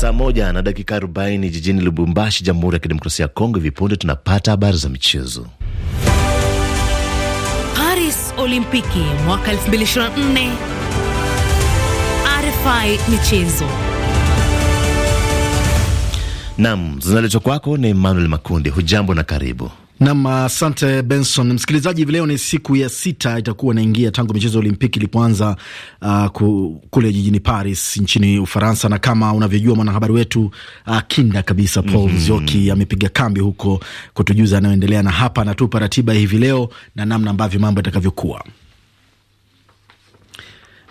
Saa moja na dakika arobaini jijini Lubumbashi, Jamhuri ya Kidemokrasia ya Kongo. Hivi punde tunapata habari za michezo. Paris Olimpiki mwaka 2024 RFI michezo nam zinaletwa kwako na Emmanuel Makundi. Hujambo na karibu. Nam, asante Benson. Msikilizaji, hivi leo ni siku ya sita itakuwa inaingia tangu michezo ya Olimpiki ilipoanza uh, kule jijini Paris nchini Ufaransa, na kama unavyojua mwanahabari wetu uh, kinda kabisa Paul mm -hmm. amepiga kambi huko kutujuza anayoendelea, na hapa anatupa ratiba hivi leo na namna ambavyo mambo yatakavyokuwa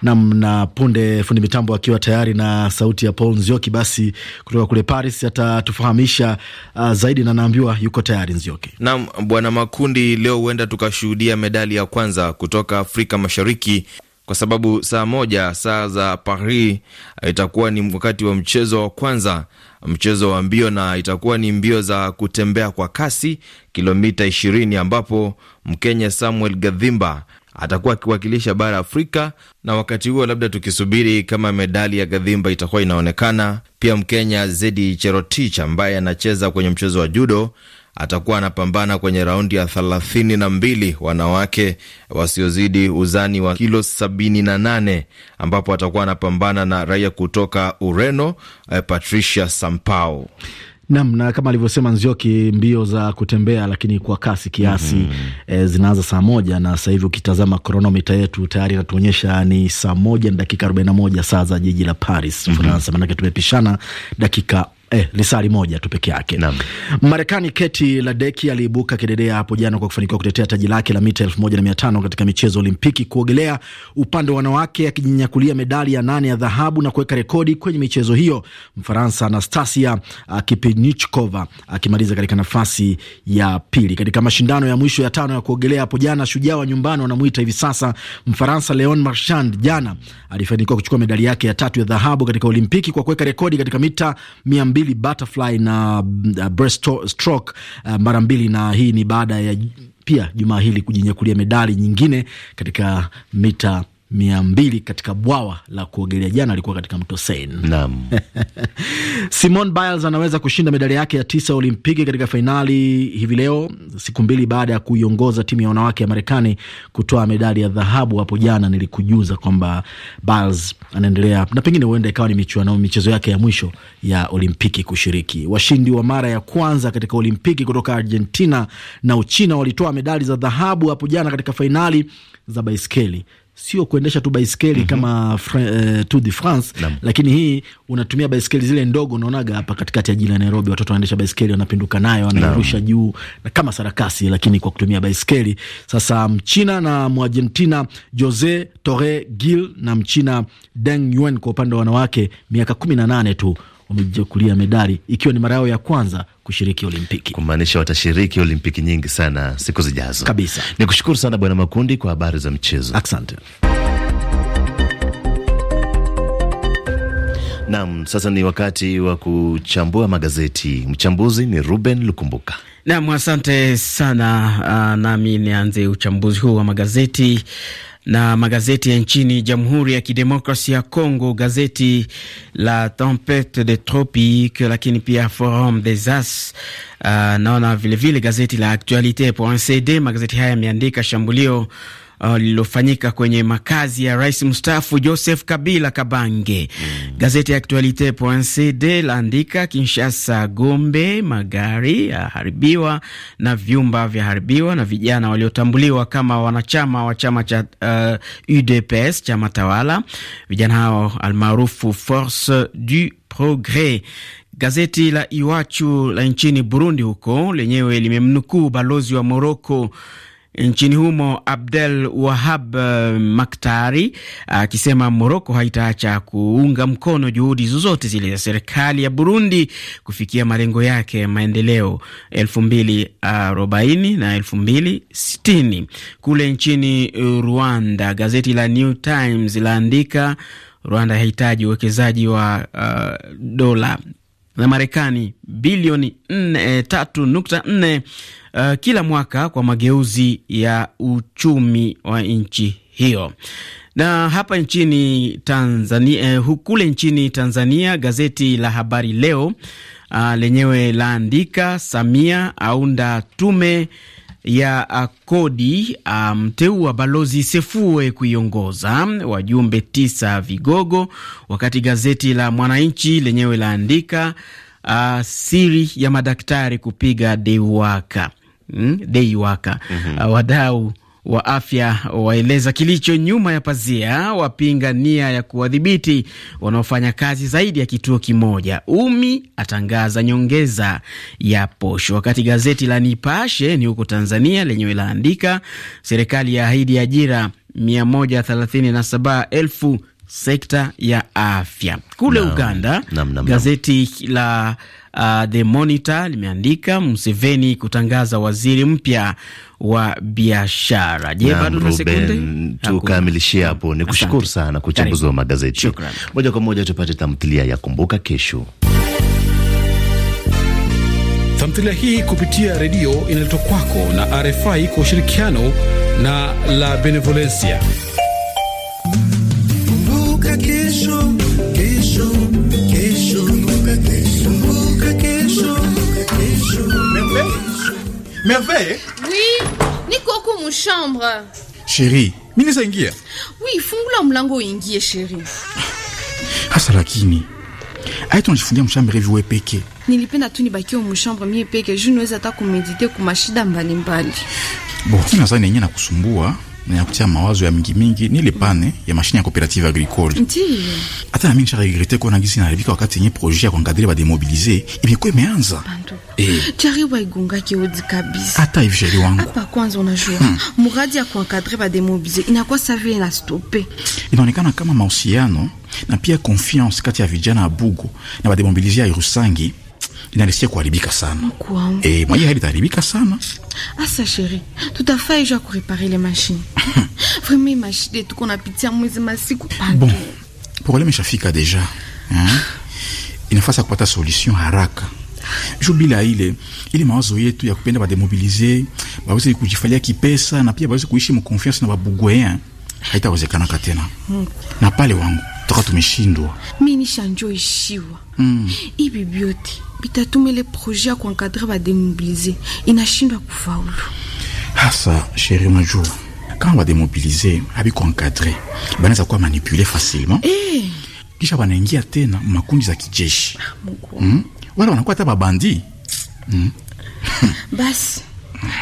nam na punde fundi mitambo akiwa tayari na sauti ya Paul Nzioki basi kutoka kule Paris atatufahamisha uh, zaidi na naambiwa yuko tayari Nzioki. Nam bwana Makundi, leo huenda tukashuhudia medali ya kwanza kutoka Afrika Mashariki kwa sababu saa moja saa za Paris uh, itakuwa ni wakati wa mchezo wa kwanza, mchezo wa mbio, na itakuwa ni mbio za kutembea kwa kasi kilomita ishirini ambapo Mkenya Samuel Gadhimba atakuwa akiwakilisha bara Afrika, na wakati huo labda tukisubiri kama medali ya Gadhimba itakuwa inaonekana. Pia Mkenya Zedi Cherotich ambaye anacheza kwenye mchezo wa judo atakuwa anapambana kwenye raundi ya thelathini na mbili wanawake wasiozidi uzani wa kilo sabini na nane ambapo atakuwa anapambana na raia kutoka Ureno, eh, Patricia Sampao. Nam, na kama alivyosema Nzioki, mbio za kutembea lakini kwa kasi kiasi, mm -hmm. e, zinaanza saa moja na sasa hivi ukitazama kronomita yetu tayari inatuonyesha ni saa moja na dakika arobaini na moja saa za jiji la Paris, mm -hmm. maanake tumepishana dakika eh, ni sari moja tu peke yake. Marekani Keti Ladeki aliibuka kidedea hapo jana kwa kufanikiwa kutetea taji lake la mita 1500 katika michezo Olimpiki kuogelea, upande wa wanawake akijinyakulia medali ya nane ya dhahabu na kuweka rekodi kwenye michezo hiyo, Mfaransa Anastasia Kipinichkova akimaliza katika nafasi ya pili. Katika mashindano ya mwisho ya tano ya kuogelea hapo jana, shujaa wa nyumbani wanamuita hivi sasa Mfaransa Leon Marchand jana alifanikiwa kuchukua medali yake ya tatu ya dhahabu katika Olimpiki kwa kuweka rekodi katika mita 200 mbili butterfly na uh, breaststroke uh, mara mbili, na hii ni baada ya pia jumaa hili kujinyakulia medali nyingine katika mita mia mbili katika bwawa la kuogelea. Jana alikuwa katika mto Seine. Naam. Simone Biles anaweza kushinda medali yake ya tisa ya Olimpiki katika fainali hivi leo, siku mbili baada ya kuiongoza timu ya wanawake ya Marekani kutoa medali ya dhahabu. Hapo jana nilikujuza kwamba Biles anaendelea na pengine huenda ikawa ni michuano michezo yake ya mwisho ya Olimpiki kushiriki. Washindi wa mara ya kwanza katika Olimpiki kutoka Argentina na Uchina walitoa medali za dhahabu hapo jana katika fainali za baiskeli sio kuendesha tu baiskeli mm -hmm. kama uh, Tour de France Lam. Lakini hii unatumia baiskeli zile ndogo, unaonaga hapa katikati ya jiji la Nairobi watoto wanaendesha baiskeli, wanapinduka nayo, wanairusha juu na kama sarakasi, lakini kwa kutumia baiskeli. Sasa Mchina na Muargentina Jose Torre Gil na Mchina Deng Yuen kwa upande wa wanawake, miaka kumi na nane tu wamejichukulia medali ikiwa ni mara yao ya kwanza kushiriki Olimpiki, kumaanisha watashiriki Olimpiki nyingi sana siku zijazo kabisa. Ni kushukuru sana Bwana Makundi kwa habari za mchezo, asante. Nam, sasa ni wakati wa kuchambua magazeti. Mchambuzi ni Ruben Lukumbuka. Nam, asante sana. Uh, nami nianze uchambuzi huu wa magazeti na magazeti ya nchini Jamhuri ya Kidemokrasia ya Kongo, gazeti la Tempete de Tropique, lakini pia Forum des As. Uh, naona vilevile gazeti la Actualite CD. Magazeti haya yameandika shambulio uh, lililofanyika kwenye makazi ya rais mstaafu Joseph Kabila Kabange. mm. Gazeti ya Actualite.cd laandika Kinshasa, Gombe, magari yaharibiwa na vyumba vyaharibiwa na vijana waliotambuliwa kama wanachama wa chama cha uh, UDPS, chama tawala. Vijana hao almaarufu Force du Progres. Gazeti la Iwachu la nchini Burundi huko lenyewe limemnukuu balozi wa Moroko nchini humo Abdel Wahab eh, Maktari akisema Moroko haitaacha kuunga mkono juhudi zozote zile za serikali ya Burundi kufikia malengo yake ya maendeleo elfu na elfu Kule nchini Rwanda, gazeti la New Times laandika Rwanda hahitaji uwekezaji wa uh, dola za Marekani bilioni e, tatu nukta nne uh, kila mwaka kwa mageuzi ya uchumi wa nchi hiyo. Na hapa nchini Tanzania eh, kule nchini Tanzania gazeti la Habari Leo uh, lenyewe laandika Samia aunda tume ya uh, kodi mteua um, balozi Sefue kuiongoza wajumbe tisa vigogo, wakati gazeti la Mwananchi lenyewe laandika uh, siri ya madaktari kupiga deiwaka hmm? deiwaka mm -hmm. uh, wadau wa afya waeleza kilicho nyuma ya pazia, wapinga nia ya kuwadhibiti wanaofanya kazi zaidi ya kituo kimoja. Umi atangaza nyongeza ya posho. Wakati gazeti la Nipashe ni huko Tanzania lenyewe laandika serikali ya ahidi ajira 137 sekta ya afya kule Uganda gazeti la Uh, The Monitor limeandika Museveni kutangaza waziri mpya wa biashara. Je, bado na sekunde tukamilishie hapo. Ni kushukuru sana kwa uchambuzi wa magazeti. Shukran. Moja kwa moja tupate tamthilia ya Kumbuka Kesho. Tamthilia hii kupitia redio inaletwa kwako na RFI kwa ushirikiano na La Benevolencia. Merveille Oui, niko huku muchambre. Sheri, minisa ingia. Oui, fungula mlango uingie sheri. Hasa lakini aitonjifungia mshambre hivi wewe peke. Nilipenda tu nibakie mshambre mie peke, juu niweza hata kumedite kumashida mbalimbali. Bo, kuna zani yenyewe nakusumbua na yakutia mawazo ya mingi mingi ni ile pane ya mashine ya cooperative agricole. Ndiyo. Hata na mimi nisha regrete kwa nangisi na rivika wakati yenye projet ya kuangadilia ba demobiliser imekuwa imeanza. Eh. Chari wa igunga kiodi kabisa. Hata hivi sheri wangu. Hapa kwanza unajua. Hmm. Muradi ya kuangadilia ba demobiliser inakuwa savi na stope. Inaonekana kama mahusiano na pia confiance kati ya vijana ya na ba demobiliser ya Rusangi inarishia kuharibika sana e, eh, mwaye hali itaharibika sana asa. Sheri, tutafaa ijo ya kurepare le mashine vrema imashide tuko napitia mwezi masiku bon, probleme ishafika deja eh? inafasa kupata solution haraka ju bila ile ile mawazo yetu ya kupenda bademobilize baweze kujifalia kipesa na pia baweze kuishi mkonfiance na babugwea haitawezekanaka tena, mm. na pale wangu toka tumeshindwa. Mi nishanjo ishiwa mm. Ibi byote bitatumele proje ya kuankadre bademobilize inashindwa kufaulu, hasa sheri majua kama bademobilize abi banaweza kuwa manipule facilement eh. Kisha wanaingia tena makundi za kijeshi ah, mm? Wala wanakuwa hata babandi mm? basi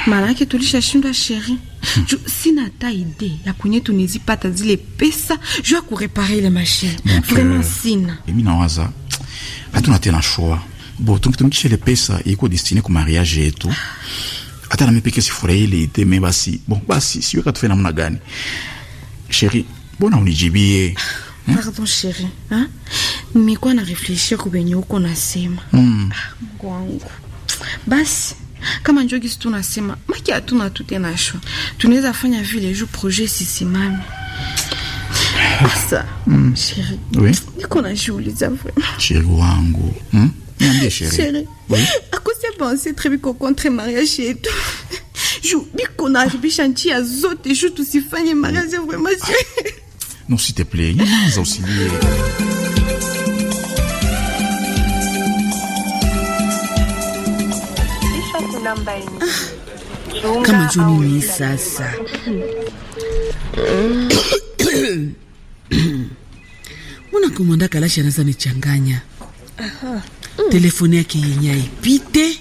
maana yake tulishashindwa sheri. Hmm. Sina hata idee ya kwenye tunezi pata zile pesa juu ya kurepare ile mashine. Vraiment sina. Mimi nawaza hatuna tena shua. Bo tungitumikisha ile pesa iko destine kwa mariage yetu. Hata na mipeke sifurahi ile idee mimi basi. Bon basi siweka tufe namna gani? Sheri, bona unijibie. Eh. Pardon sheri. Nimekuwa na refleshia kubenye huko nasema. Mungu wangu. Basi Kama tout si tunasema maki hatuna tu tena shwa, tunaweza fanya vile juu projet sisimame. Sasa mm. chérie. oui? niko najiuliza vrema, sheri wangu mm? niambie sheri, sheri. Oui? très bien qu'on contre mariage chanté à biko et zote tusifanye mariage vraiment. Non, s'il te plaît, il aussi. kama juni ni sasa? Mbona komanda Kalashi anaweza nichanganya? Mm. Telefoni yake yenye ipite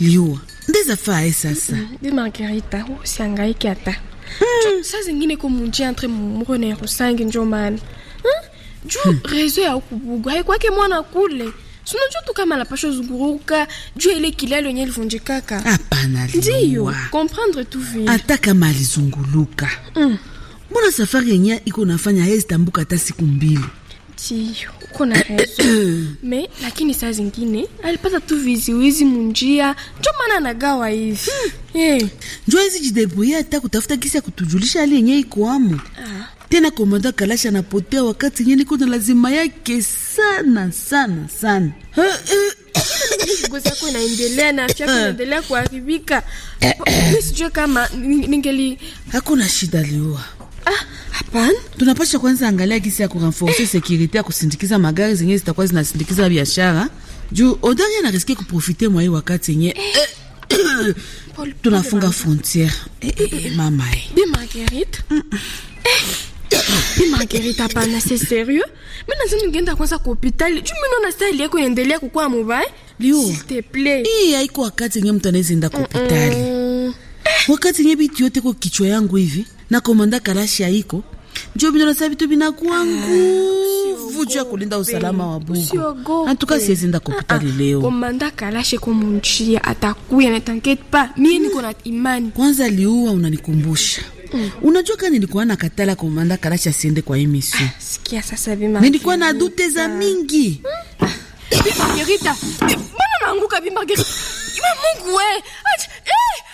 liwa ndeza fae eh sasa de Margarita usiangaike hata mm. saa zingine kumunjia entre mumuro na Rusange, njo maana juu hmm. rezo ya ukubugwa haikwake mwana kule sinajua tu kama anapashwa zunguruka jua ile kilalo yenye ilivunjikaka. Hapana, ndio comprendre tu vile. Hata kama alizunguluka mm. safari yenye iko nafanya hezi tambuka hata siku mbili? Ndio uko na me, lakini saa zingine alipata tu viziwizi munjia, njo maana anagawa hivi mm. Hey. Eh. Njoo hizi jidebuia hata kutafuta kisi ya kutujulisha hali yenye iko amo ah tena. Komanda Kalasha anapotea wakati yenye kuna lazima yake sana sana sana Ngozi inaendelea na afya inaendelea eh. kuharibika. Mimi eh, eh. sijui kama ningeli. Hakuna shida liua. Ah, hapana. Tunapasha kwanza angalia gisi ya kurenforcer securite ya kusindikiza magari zenye zitakuwa zinasindikiza biashara. Juu odari anariske kuprofite mwa hii wakati yenye tunafunga frontiere. Eh, eh, mama eh. Bi Marguerite. Mm. Eh. Pi Margarita pana se serieux? Mimi lazima ningeenda kwanza kwa hospitali. Juu mimi naona style yako endelea kukua mubaya. Liu. S'il te plaît. Hii haiko wakati yenyewe mtu anaweza enda kwa hospitali. Mm -mm. Wakati yenyewe bitu yote kwa kichwa yangu hivi na komanda karashi haiko. Ndio bino na bitu binakuwa nguvu juu ya kulinda usalama wa Bungu. Antuka siwezi enda kwa hospitali leo. Komanda karashi kumunchia atakuya na t'inquiète pas. Mimi niko na imani. Kwanza Liu unanikumbusha. Mm. Unajua kani nilikuwa na katala komanda Kalashi asiende kwa emission. Ah, sikia sasa bima. Nilikuwa na dute za ah. mingi. Mm. Ah. Bima Margarita. Mbona naanguka Bima Margarita? Mungu we. Ach, eh!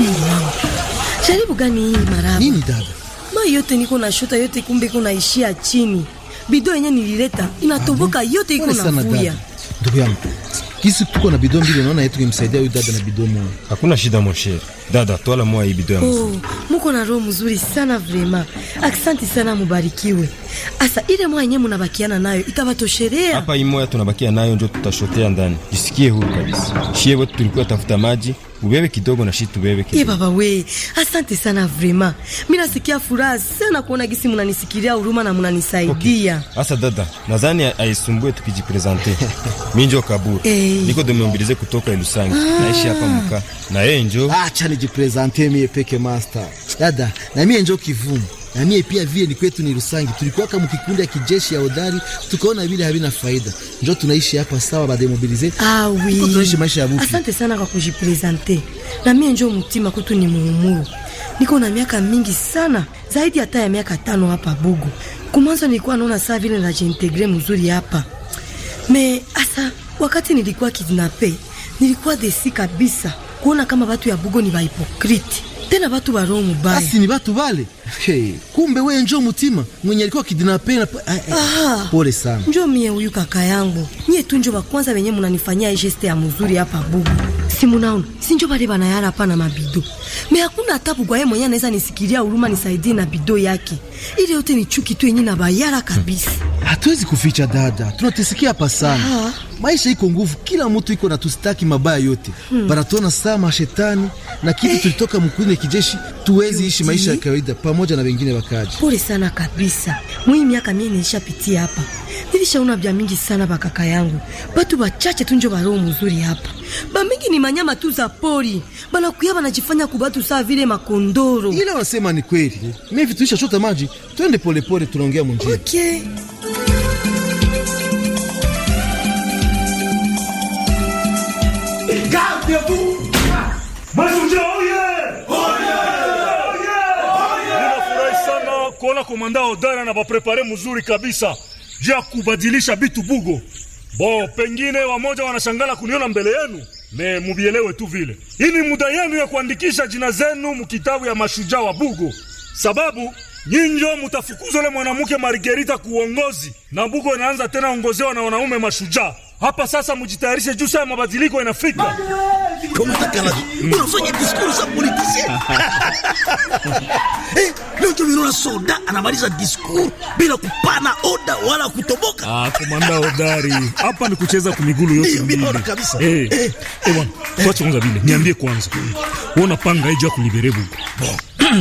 Eh, jaribu gani hii marabu? Nini dada? Ma yote niko na shuta yote kumbe kuna ishia chini bido yenye nilileta inatoboka yote iko nafuya. Ndugu yangu kisi tuko na bido mbili, naona yetu kimsaidia huyu dada na bido moja. Hakuna shida mon cher dada, twala moja hii bido ya mzuri. Oh, muko na roho mzuri sana vrema. Aksanti sana, mubarikiwe. Asa ile mwa yenyewe mnabakiana nayo itabatosherea Hapa Hii imoya tunabakia nayo ndio tutashotea ndani. Jisikie huru kabisa. Shie wote tulikuwa tafuta maji, ubebe kidogo na shi tubebe kidogo. Eh, baba we, asante sana vrema. Mimi nasikia furaha sana kuona gisi mnanisikilia huruma na mnanisaidia. Okay. Asa dada, nadhani aisumbue tukijipresente. Mimi ndio kaburu. Hey. Eh. Niko demombilize kutoka Elusangi. Ah. Naishi hapa mka. Na yeye ndio. Acha nijipresente mie peke master. Dada, na mie ndio kivumu na mie pia vile ni kwetu ni Rusangi, tulikuwa kama kikundi ya kijeshi ya odari, tukaona vile havina faida, njo tunaishi hapa sawa, bademobilize ah, oui. tunaishi maisha ya bufi. Asante sana kwa kujipresente, na mie njo mtima kutu ni muumuru, niko na miaka mingi sana zaidi hata ya miaka tano hapa Bugu. Kumanzo nilikuwa naona saa vile najintegre mzuri hapa me asa, wakati nilikuwa kidnape nilikuwa desi kabisa kuona kama watu ya Bugo ni wahipokriti tena batu baroho mubaya basi ni batu bale hey. Kumbe wewe njoo mutima mwenye alikuwa kidinape na ah, pole sana. Njo mie huyu kaka yangu nyie tu njo kwanza wenye mnanifanyia geste ya mzuri hapa bubu, si munaona, si njoo bale yala hapa na mabido me hakuna tabu kwa yeye mwenye anaweza nisikilia huruma nisaidie na bido yake, ile yote ni chuki tu yenye na bayala kabisa hmm. Hatuwezi kuficha dada, tunatesikia hapa sana. Maisha iko nguvu, kila mtu iko na tustaki mabaya yote hmm. Banatuona saa mashetani na kitu eh. Tulitoka ya kijeshi, tuwezi ishi maisha ya kawaida pamoja na wengine wakaji. Pole sana kabisa, mwii miaka mie nilishapitia hapa, nilishaona vya mingi sana. Bakaka yangu batu bachache tu njo baroho muzuri hapa, mingi ni manyama tu za pori, banakuya banajifanya kubatu saa vile makondoro. Ila wanasema ni kweli, mie vitu shota maji, twende polepole, tunaongea munjia okay. wala komanda odara na baprepare mzuri kabisa ya kubadilisha bitu bugo bo. Pengine wamoja wanashangala kuniona mbele yenu, me mubielewe tu vile. Hii ni muda yenu ya kuandikisha jina zenu mkitabu ya mashujaa wa bugo, sababu nyinjo mutafukuzwa le mwanamke Margerita kuongozi na bugo inaanza tena ongozewa na wanaume mashujaa. Hapa sasa mujitayarishe juu saa mabadiliko inafika. Kama takana unafanya diskuru za Eh, leo tumeona soda anamaliza discours bila kupana oda wala kutoboka. Ah, komanda hodari. Hapa ni kucheza kwa miguu yote mbili. Kabisa. Eh, eh, eh bwana, tuache kwanza vile. Niambie kwanza. Uona panga hiyo ya kulibere buku.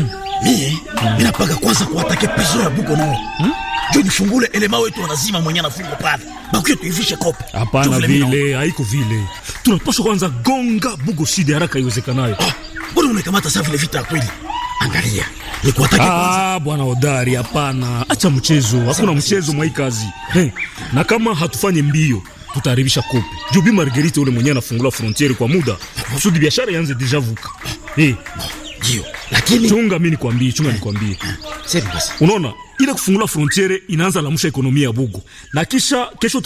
Mie, ninapanga kwanza kuwatake pizo ya buko nao. Hmm? Jo nifungule elema wetu wanazima mwenye anafungo pale. Bakuye tuivishe kope. Hapana vile, haiko vile. Tunapaswa kwanza gonga bugo shida haraka iwezekanayo. Ah, mbona unakamata safi vile vita kweli? Angalia ni nikuwatakia ah, bwana Odari, Hapana, acha mchezo, hakuna mchezo mwa hii kazi hey. Na kama hatufanyi mbio tutaharibisha kope jubi bi Margerite ule mwenyewe anafungula frontiere kwa muda kusudi biashara ianze deja vuka hey. Ndio, lakini chunga, mimi nikwambie, chunga nikwambie, eh, eh, sasa basi, unaona ile kufungula frontiere inaanza lamusha ekonomi ya Bugo, na kisha kesho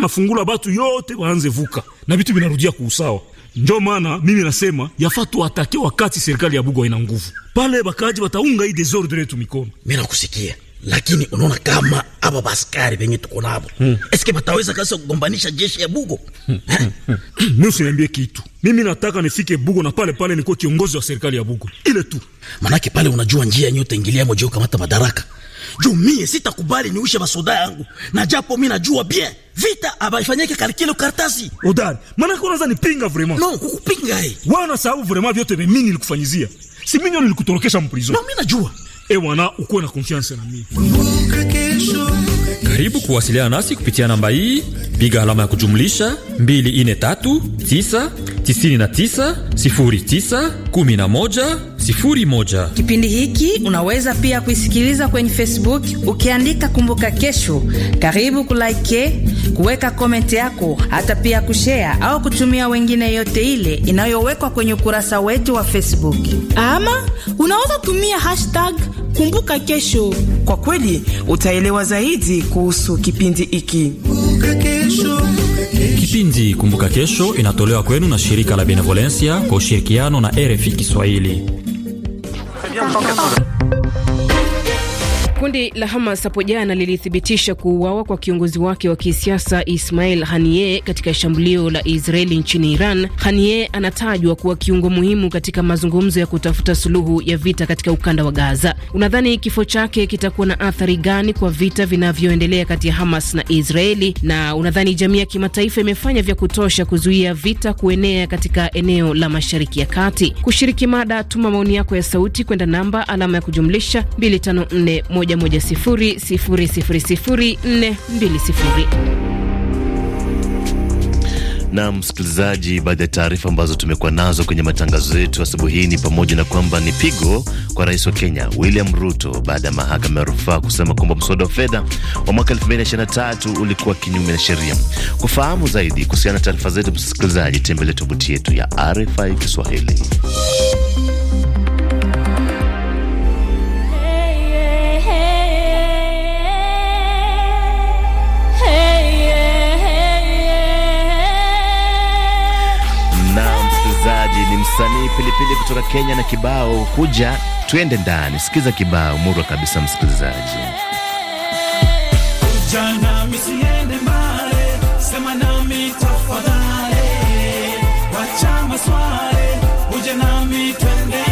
na fungula batu yote waanze vuka na vitu vinarudia kuusawa. Ndio maana mimi nasema yafaa tuatake wakati serikali ya Bugo ina nguvu pale bakaji bataunga hii desordre yetu mikono. Mimi nakusikia, lakini unaona kama aba baskari venye tuko nabo hmm. eske bataweza kasa kugombanisha jeshi ya Bugo hmm. Eh? hmm. hmm. hmm. usiniambie kitu, mimi nataka nifike Bugo na pale pale nikuwe kiongozi wa serikali ya Bugo ile tu, manake pale unajua njia yenyewe utaingilia moja ukamata madaraka juu mie sitakubali niushe masoda yangu, na japo mi najua bien vita abaifanyike kalikile kartasi odari, manake unaweza nipinga vrema? No, kukupinga hii wana sahau vrema vyote vemini likufanyizia si mimi ndio nilikutorokesha mprison. Na mimi najua. Eh, wana ukuwe na confiance na mimi. Karibu kuwasiliana nasi kupitia namba hii, piga alama ya kujumlisha 243 999 09 11 Kipindi hiki unaweza pia kuisikiliza kwenye Facebook ukiandika Kumbuka Kesho. Karibu kulike, kuweka komenti yako, hata pia kushea au kutumia wengine yote ile inayowekwa kwenye ukurasa wetu wa Facebook. Ama unaweza tumia hashtag Kumbuka Kesho. Kwa kweli utaelewa zaidi kuhusu kipindi hiki. Kipindi Kumbuka Kesho inatolewa kwenu na shirika la Benevolencia kwa ushirikiano na RFI Kiswahili. qualquer coisa. Kundi la Hamas hapo jana lilithibitisha kuuawa kwa kiongozi wake wa kisiasa Ismail hanie katika shambulio la Israeli nchini Iran. hanie anatajwa kuwa kiungo muhimu katika mazungumzo ya kutafuta suluhu ya vita katika ukanda wa Gaza. Unadhani kifo chake kitakuwa na athari gani kwa vita vinavyoendelea kati ya Hamas na Israeli, na unadhani jamii ya kimataifa imefanya vya kutosha kuzuia vita kuenea katika eneo la Mashariki ya Kati? Kushiriki mada, tuma maoni yako ya sauti kwenda namba alama ya kujumlisha 254 na msikilizaji, baadhi ya taarifa ambazo tumekuwa nazo kwenye matangazo yetu asubuhi hii ni pamoja na kwamba ni pigo kwa rais wa Kenya William Ruto baada ya mahakama ya rufaa kusema kwamba mswada wa fedha wa mwaka 2023 ulikuwa kinyume na sheria. Kufahamu zaidi kuhusiana na taarifa zetu, msikilizaji, tembelea tovuti yetu ya RFI Kiswahili. msikilizaji ni msanii Pilipili kutoka Kenya na kibao kuja twende ndani. Sikiza kibao murwa kabisa, msikilizaji. wacha nami twende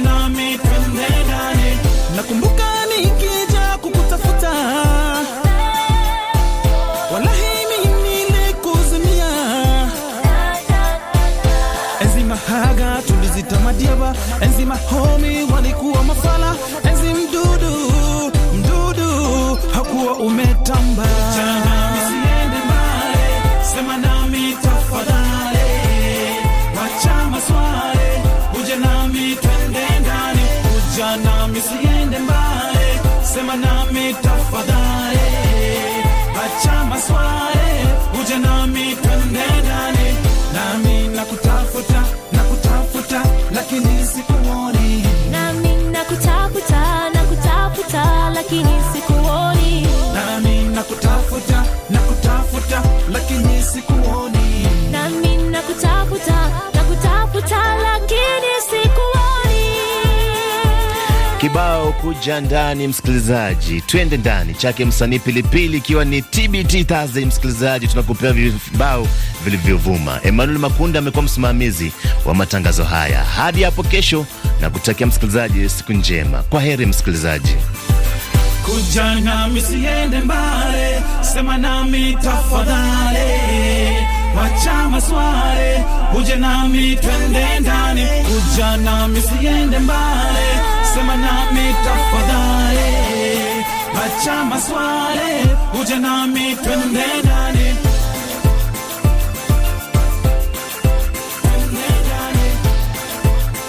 non mi La Nakumbuka Sema nami siende mbaye, sema nami tafadhali, acha uje nami twende ndani, nami nakutafuta, nakutafuta lakini sikuoni, nami nakutafuta, nakutafuta lakini sikuoni, nami nakutafuta, nakutafuta lakini sikuoni kibao kuja ndani, msikilizaji, twende ndani chake msanii Pilipili, ikiwa ni TBT Thursday. Msikilizaji, tunakupea vibao vilivyovuma. Emmanuel Makunda amekuwa msimamizi wa matangazo haya hadi hapo kesho, na kutakia msikilizaji siku njema. Kwa heri msikilizaji. Kuja nami siende sema nami wacha uje nami twende ndani. Kuja nami siende मना में कपदारे बच्चा मसवारे उजना में ठंडे डाले